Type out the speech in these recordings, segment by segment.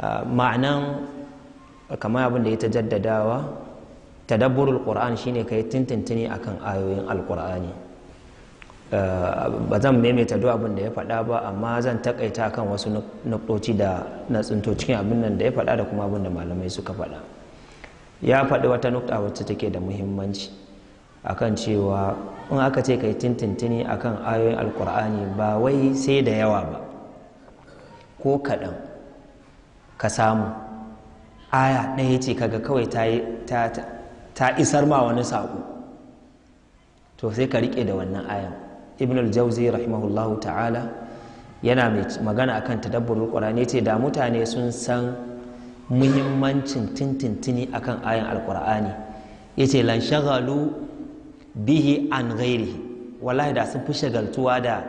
Ah, ma'anan kamar abin da ya ta jaddadawa tadabburul qur'an shine kai tintintini akan ayoyin alqur'ani ah, ba zan maimaita duk abin da ya faɗa ba amma zan takaita kan wasu nuktoci da na tsinto cikin abin nan da ya faɗa da kuma abin da malamai suka faɗa ya faɗi wata nukta wacce take da muhimmanci akan cewa in aka ce kai tintintini akan ayoyin alkur'ani ba wai sai da yawa ba ko kaɗan ka samu aya ɗaya ce kaga kawai ta isar ma wani saƙo to sai ka riƙe da wannan ayan ibn al-jauzi rahimahullahu ta'ala yana mai magana akan tadabburul qur'ani ce da mutane sun san muhimmancin tintintini akan ayan al-qur'ani yace lan shagalu bihi an ghairihi wallahi da sun fi shagaltuwa da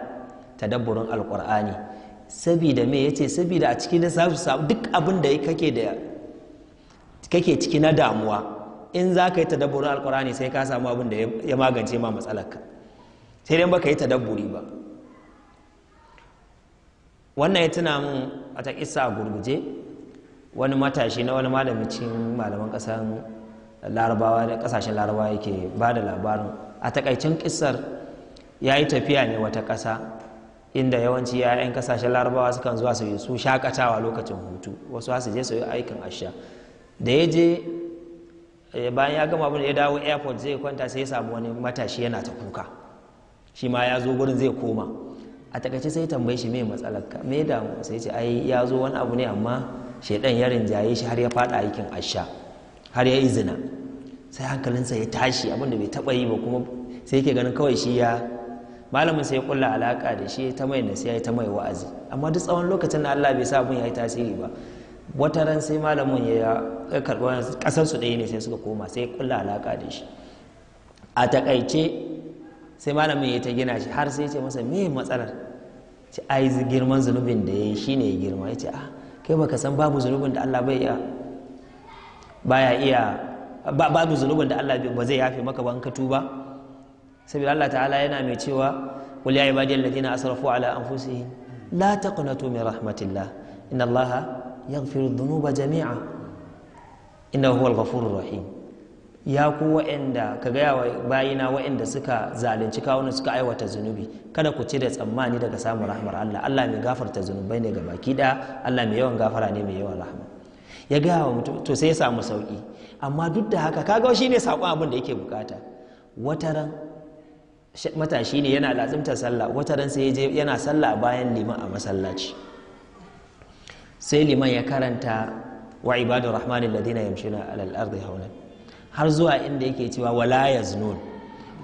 tadabburin al-qur'ani sabida me ce sabida a cikin lissafi samu duk abin da kake ciki na damuwa in za ka yi tadabburin alkurani sai ka samu abin da ya magance ma matsalarka sai dai baka yi tadabburi ba wannan ya tuna min ta isa gurguje wani matashi na wani malamicin malaman kasan larabawa da kasashen larabawa yake ba da labarin a takaicin kisar ya yi tafiya ne wata ƙasa inda yawanci 'ya'yan kasashen larabawa sukan zuwa su su shakatawa lokacin hutu wasu su je su yi aikin asha da ya je eh, bayan ya gama abin da ya dawo airport zai kwanta sai ya samu wani matashi yana ta kuka shi ma ya zo gurin zai koma a takaice sai tambaye shi mai matsalar ka me damu sai ce ai ya zo wani abu ne amma shaidan ya rinjaye shi har ya fada aikin asha har ya izina sai hankalinsa ya tashi abin da bai taba yi ba kuma sai yake ganin kawai shi ya malamin sai ya kulla alaka da shi ta mai sai ta mai wa'azi amma duk tsawon lokacin da Allah bai sa abun yayi tasiri ba wata ran sai malamin ya karɓi wani ƙasar su ɗaya ne sai suka koma sai kulla alaka da shi a takaice sai malamin ya ta gina shi har sai ya ce masa me matsalar ce ai girman zunubin da ya yi shine ya girma ya ce ah kai baka san babu zunubin da Allah bai iya baya iya babu zunubin da Allah ba zai yafe maka ba an ka tuba saboda Allah ta'ala yana mai cewa qul ya ibadiyal ladina asrafu ala anfusihim la taqnatu min rahmatillah inna fi rudunu ba jami'a Inna huwal ghafurur rahim ya ku wa'anda ka gaya wa bayina wa'anda suka zalunci kawunan suka aiwata zunubi kada ku cire tsammani daga samun rahmar Allah Allah mai gafarta zunubai ne ga baki da Allah mai yawan gafara ne mai yawan rahama ya gaya wa mutum to sai ya samu sauƙi. amma duk da haka kaga shi ne saƙon abin da yake bukata wataran matashi ne yana lazimta sallah wata ran sai je yana sallah bayan liman a masallaci sai liman ya karanta wa ibadur rahmani alladhina yamshuna alal ardi hauna har zuwa inda yake cewa wala yaznun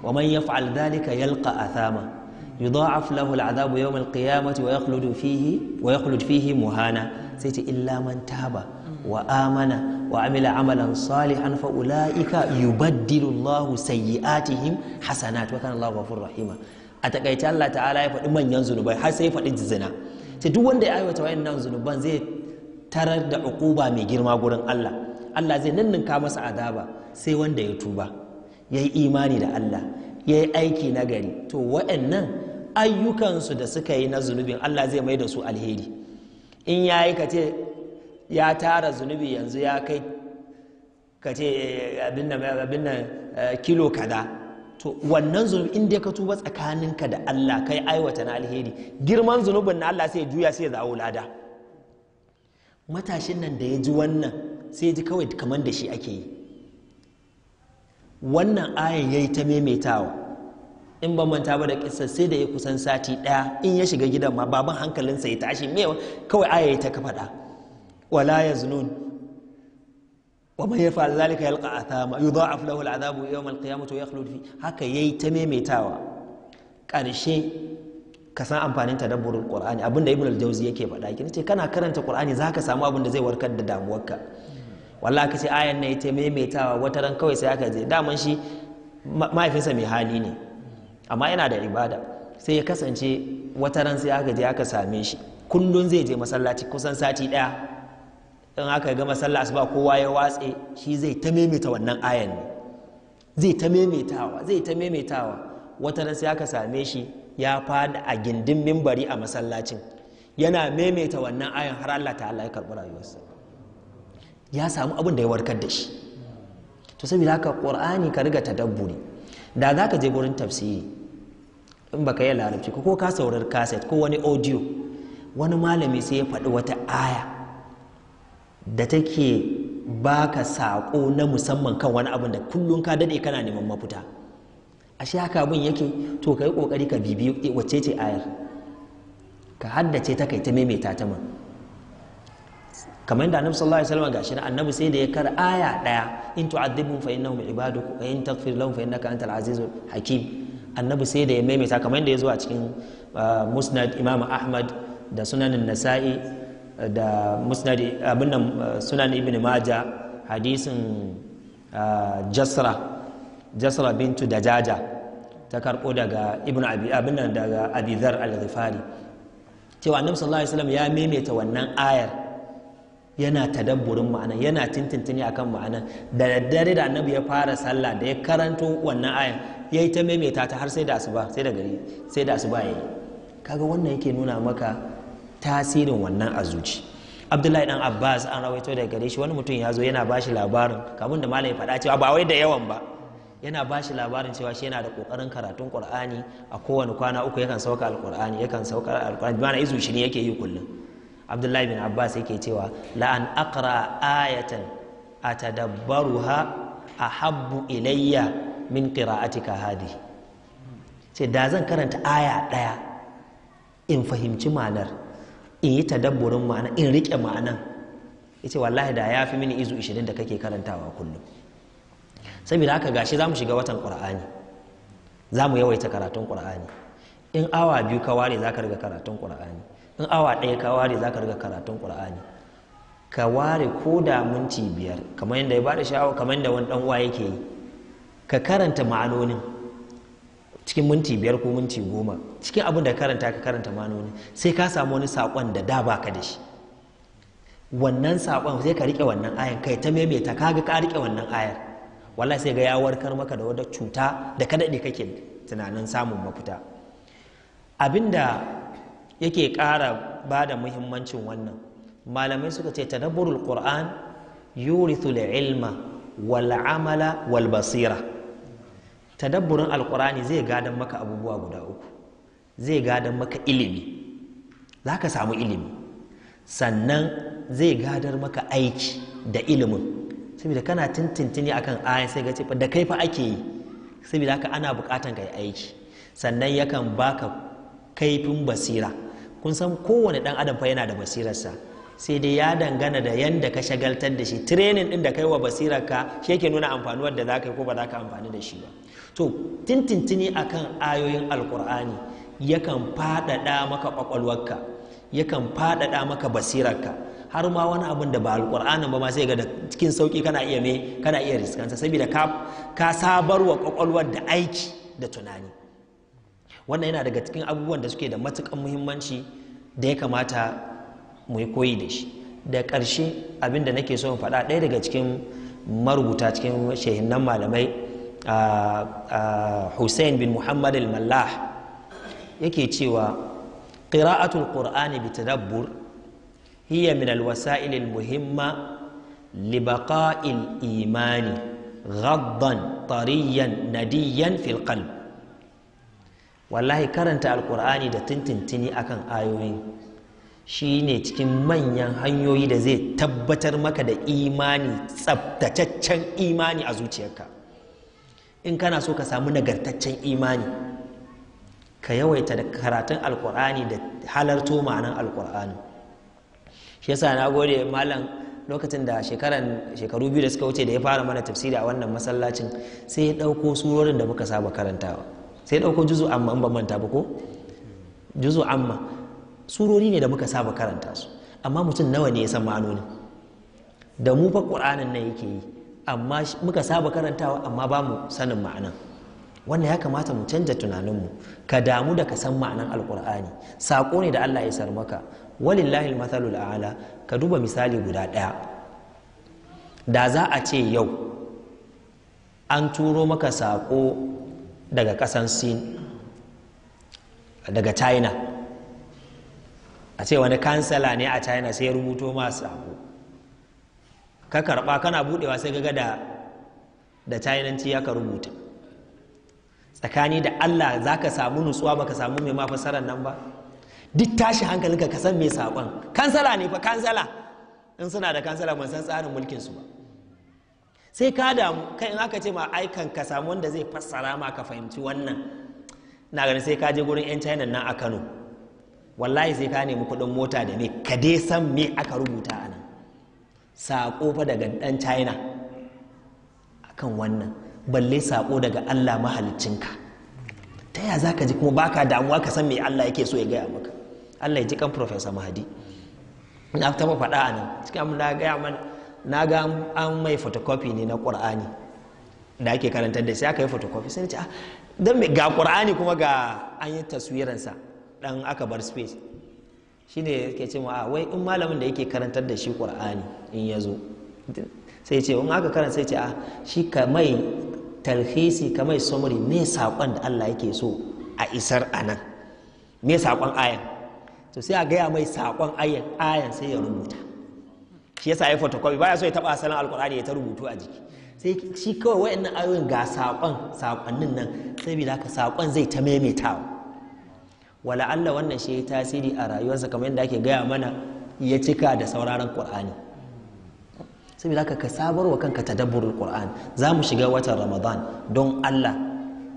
wa man yaf'al dhalika yalqa athama yudha'af lahu al'adabu yawm al-qiyamati wa yakhludu fihi wa yakhludu fihi muhana sai ce illa man taba wa amana wa amila amalan salihan fa ulaika yubaddilu Allahu sayyi'atihim hasanat wa kana Allahu ghafurur rahima a takaice Allah ta'ala ya faɗi manyan zunubai har sai ya faɗi zina sai duk wanda ya aiwata wayannan zunuban zai tarar da ukuba mai girma gurin Allah Allah zai ninninka masa azaba sai wanda ya tuba yayi imani da Allah yayi aiki nagari. to wayannan ayyukansu da suka yi na zunubin Allah zai mai da su alheri in ya yi kace ya tara zunubi yanzu ya kai kace eh, abin nan eh, kilo kaza to wannan zunubi in dai ka tuba tsakaninka da Allah kai aiwata na alheri girman zunubin na Allah sai juya sai ya zawo lada matashin nan da ya ji wannan sai ji kawai kamar da shi ake yi wannan ayan ya ta maimaitawa in ban manta ba da kissa sai da ya kusan sati ɗaya in ya shiga gidan ma baban hankalinsa ya tashi me kawai aya ta ka faɗa wala ya zunun wa man yaf'al zalika yalqa athama yudha'af lahu al'adabu yawm al-qiyamati wa yakhlud fi haka yayi ta maimaitawa ƙarshe ka san amfanin tadabburul qur'ani abinda ibn al-jawzi yake faɗa kin ce kana karanta qur'ani zaka samu abin da zai warkar da damuwarka wallahi ce ayan ne ta maimaitawa wata ran kawai sai aka je daman shi mahaifinsa mai hali ne amma yana da ibada sai ya kasance wata ran sai aka je aka same shi kullun zai je masallaci kusan sati ɗaya in aka ga masallaci asuba kowa ya watse shi zai ta maimaita wannan ayan ne zai ta maimaitawa zai ta maimaitawa wata ran sai aka same shi ya fada a gindin mimbari a masallacin yana maimaita wannan ayan har Allah ta'ala ya karɓi rayuwarsa ya samu abin da ya warkar da shi to saboda haka qur'ani ka riga tadabburi da zaka je gurin tafsiri in baka yi larabci ko ka saurar kaset ko wani audio wani malami sai ya faɗi wata aya da take baka saƙo na musamman kan wani abin da kullum ka daɗe kana neman mafita ashe haka abin yake to ka yi ƙoƙari ka bibi wacce ce ayar ka haddace ta kai ta maimaita ta man kamar yadda annabi sallallahu alaihi wasallam gashi annabi sai da ya kar aya daya in tu'adhibhum fa innahum ibaduk wa in taghfir lahum fa innaka antal azizul hakim annabi sai da ya maimaita kamar yadda ya zo a cikin uh, musnad imam ahmad da sunanin nasa'i uh, da musnad abin nan uh, sunan ibn maja hadisin jasra jasra bintu dajaja ta karbo daga ibn abi abin nan daga abizar al-ghifari cewa annabi sallallahu alaihi wasallam ya maimaita wannan ayar yana tadabburin ma'ana yana tintintini kan ma'ana da daddare da annabi ya fara sallah da ya karanto wannan ayan ya yi ta maimaita ta har sai da asuba sai da gari sai da asuba ya yi kaga wannan yake nuna maka tasirin wannan a zuci abdullahi dan abbas an rawaito daga gare shi wani mutum ya zo yana bashi labarin kamun da malam ya faɗa cewa ba wai da yawan ba yana bashi labarin cewa shi yana da kokarin karatun qur'ani a kowane kwana uku yakan sauka alqur'ani yakan sauka alqur'ani bana izu shi ne yake yi kullum abdullahi bin abbas yake cewa la'an akara ayatan a a habbu ilayya min qira'atika hadi ce da zan karanta aya ɗaya in fahimci ma'anar in yi tadabburin ma'ana in riƙe ma'anan ce wallahi da ya fi mini izu 20 da kake karantawa kullum saboda haka gashi za mu shiga watan ƙur'ani za mu yawaita karatun ƙur'ani in awa biyu ka ware za ka riga karatun ƙura'ani in awa ɗaya ka ware za ka riga karatun ƙura'ani ka ware ko da minti biyar kamar yadda ya bada sha'awa kamar yadda wani ɗan waye yake yi ka karanta ma'anonin cikin minti biyar ko minti goma cikin abin da karanta ka karanta ma'anonin sai ka samu wani saƙon da da ka da shi wannan saƙon sai ka riƙe wannan ayan kai ta maimaita ka ga ka riƙe wannan ayar wallahi sai ga ya warkar maka da wata cuta da ka ne kake tunanin samun mafita Abin da yake ƙara ba da muhimmancin wannan malamai suka ce tadabburul qur'an yurithu ilma wal amala wal basira tadabburin alqur'ani zai gadan maka abubuwa guda uku zai gadan maka ilimi za ka samu ilimi sannan zai gadar maka aiki da ilimin saboda kana tintintini akan ayan sai ga da kai fa ake yi saboda haka ana bukatan ka yi aiki sannan yakan baka kaifin basira kun san kowane ɗan adam fa yana da basirarsa sai dai ya dangana da yanda ka shagaltar da shi training din da kai wa basirar ka shi yake nuna amfanuwar da za ka yi ko ba za ka amfani da shi ba to tintintini akan ayoyin alkur'ani yakan faɗaɗa maka kwakwalwarka yakan faɗaɗa maka basirarka har ma wani abin da ba alkur'ani ba ma sai ga da cikin sauki kana iya me kana iya riskansa saboda ka ka sabarwa kwakwalwar da aiki da tunani wannan yana daga cikin abubuwan da suke da matukan muhimmanci da ya kamata mu yi koyi da shi da ƙarshe abin da nake so in faɗa ɗaya daga cikin marubuta cikin shehinnan malamai hussein bin muhammad al-mallah yake cewa qira'atul qur'ani bi tadabbur hiya min al-wasa'il al-muhimma li baqa'il imani ghaddan tariyan nadiyan fil qalb wallahi karanta alkur'ani da tuntuntuni akan ayoyi shine cikin manyan hanyoyi da zai tabbatar maka da imani tsabtataccen imani a zuciyarka in kana so ka samu nagartaccen imani ka yawaita da karatun alkur'ani da halarto ma'anan alkur'ani shi yasa na gode malam lokacin da shekaran shekaru biyu da suka wuce da ya fara mana tafsiri a wannan masallacin sai ya ɗauko surorin da muka saba karantawa sai ɗauko juzu amma in ban manta ba ko juzu amma surori ne da muka saba karanta su amma mutum nawa ne ya san ma'anoni da mu fa ƙur'anin nan yake yi amma muka saba karantawa amma ba mu sanin ma'anan wannan ya kamata mu canja tunaninmu ka damu da ka san ma'anan alkur'ani saƙo ne da allah ya sar maka walillahi mathalul ala ka duba misali guda ɗaya da za a ce yau an turo maka sako daga kasan sin daga china a ce wani kansala ne a china sai rubuto masu abu ka karɓa kana buɗewa sai gaga da da chinanci ya ka rubuta tsakani da allah za ka samu nutsuwa ba ka samu mai mafasarar nan ba duk tashi hankalinka ka san mai saƙon kansala ne fa kansala in suna da kansala ban san tsarin mulkinsu ba sai ka damu kai in aka ce ma aikan ka samu wanda zai fassara ma ka fahimci wannan na ganin sai ka je gurin 'yan china nan a kano wallahi sai ka nemi kuɗin mota da me ka dai san me aka rubuta a nan saƙo fa daga ɗan china akan wannan balle saƙo daga allah mahaliccinka ta ya za ka ji kuma baka damuwa ka san me allah yake so ya gaya maka allah ya ji kan professor mahadi na ta faɗa a nan cikin abin da gaya mana na ga an mai photocopy ne na ƙur'ani da ake karantar da sai aka yi photocopy sai ce ah, don ga ƙur'ani kuma ga an yi taswiransa dan aka bar space Shi ne ke ce ah, wai in malamin da yake karantar da shi ƙur'ani in ya zo sai ce in aka karanta sai ce a ah, shi ka mai talhisi ka mai summary me saƙon da Allah yake so a isar a nan me saƙon ayan to sai a gaya mai saƙon ayan ayan sai ya rubuta shi yasa ya photocopy baya so ya taba asalin alkur'ani ya ta rubutu a jiki sai shi kawai wayannan ayoyin ga sakon sakonnin nan saboda haka sakon zai ta maimaitawa wala Allah wannan shi ya tasiri a rayuwarsa kamar yadda ake gaya mana ya cika da sauraron Qur'ani saboda haka ka sabarwa kanka tadabburul Qur'an za mu shiga watan Ramadan don Allah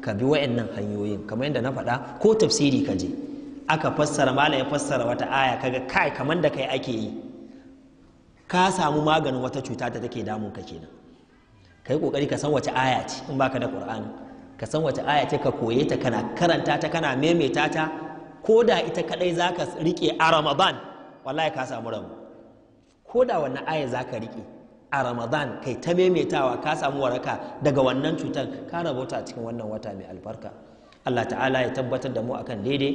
ka bi wayannan hanyoyin kamar yadda na faɗa ko tafsiri ka je aka fassara malam ya fassara wata aya kaga kai kamar da kai ake yi ka samu maganin wata cuta ta take damun ka kenan kai kokari ka san wace aya ce in baka da qur'ani ka san wace aya ce ka koye ta kana karanta ta kana maimaita ta ko da ita kadai zaka rike a ramadan wallahi ka samu rabu ko da wannan aya zaka rike a ramadan kai ta maimaitawa ka samu waraka daga wannan cutar ka rabota cikin wannan wata mai albarka Allah ta'ala ya tabbatar da mu akan daidai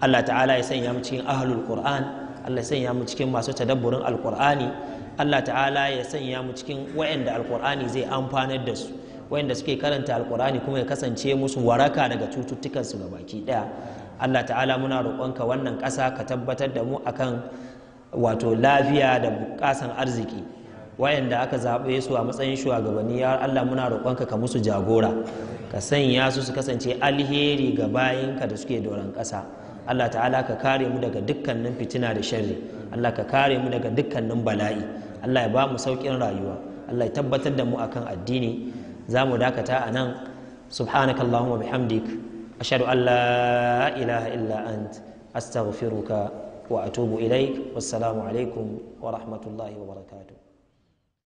Allah ta'ala ya sanya mu cikin ahlul qur'an Allah ya sanya mu cikin masu tadabburin alkur'ani Allah ta'ala ya sanya mu cikin wayanda alkur'ani zai amfanar da su wayanda suke karanta alkur'ani kuma ya kasance musu waraka daga cututtukan su baki daya Allah ta'ala muna roƙonka wannan ƙasa ka tabbatar da mu akan wato lafiya da bukasan arziki wayanda aka zaɓe su a matsayin shugabanni ya Allah muna roƙonka ka musu jagora ka sanya su su kasance alheri ga bayinka da suke doron ƙasa Allah ta'ala ka kare mu daga dukkanin fitina da sharri Allah ka kare mu daga dukkanin bala'i Allah ya ba mu saukin rayuwa Allah ya tabbatar da mu akan addini za mu dakata a nan subhanakallahumma bihamdik ashhadu an la ilaha illa ant astaghfiruka wa atubu ilaik wassalamu alaikum wa rahmatullahi wa barakatuh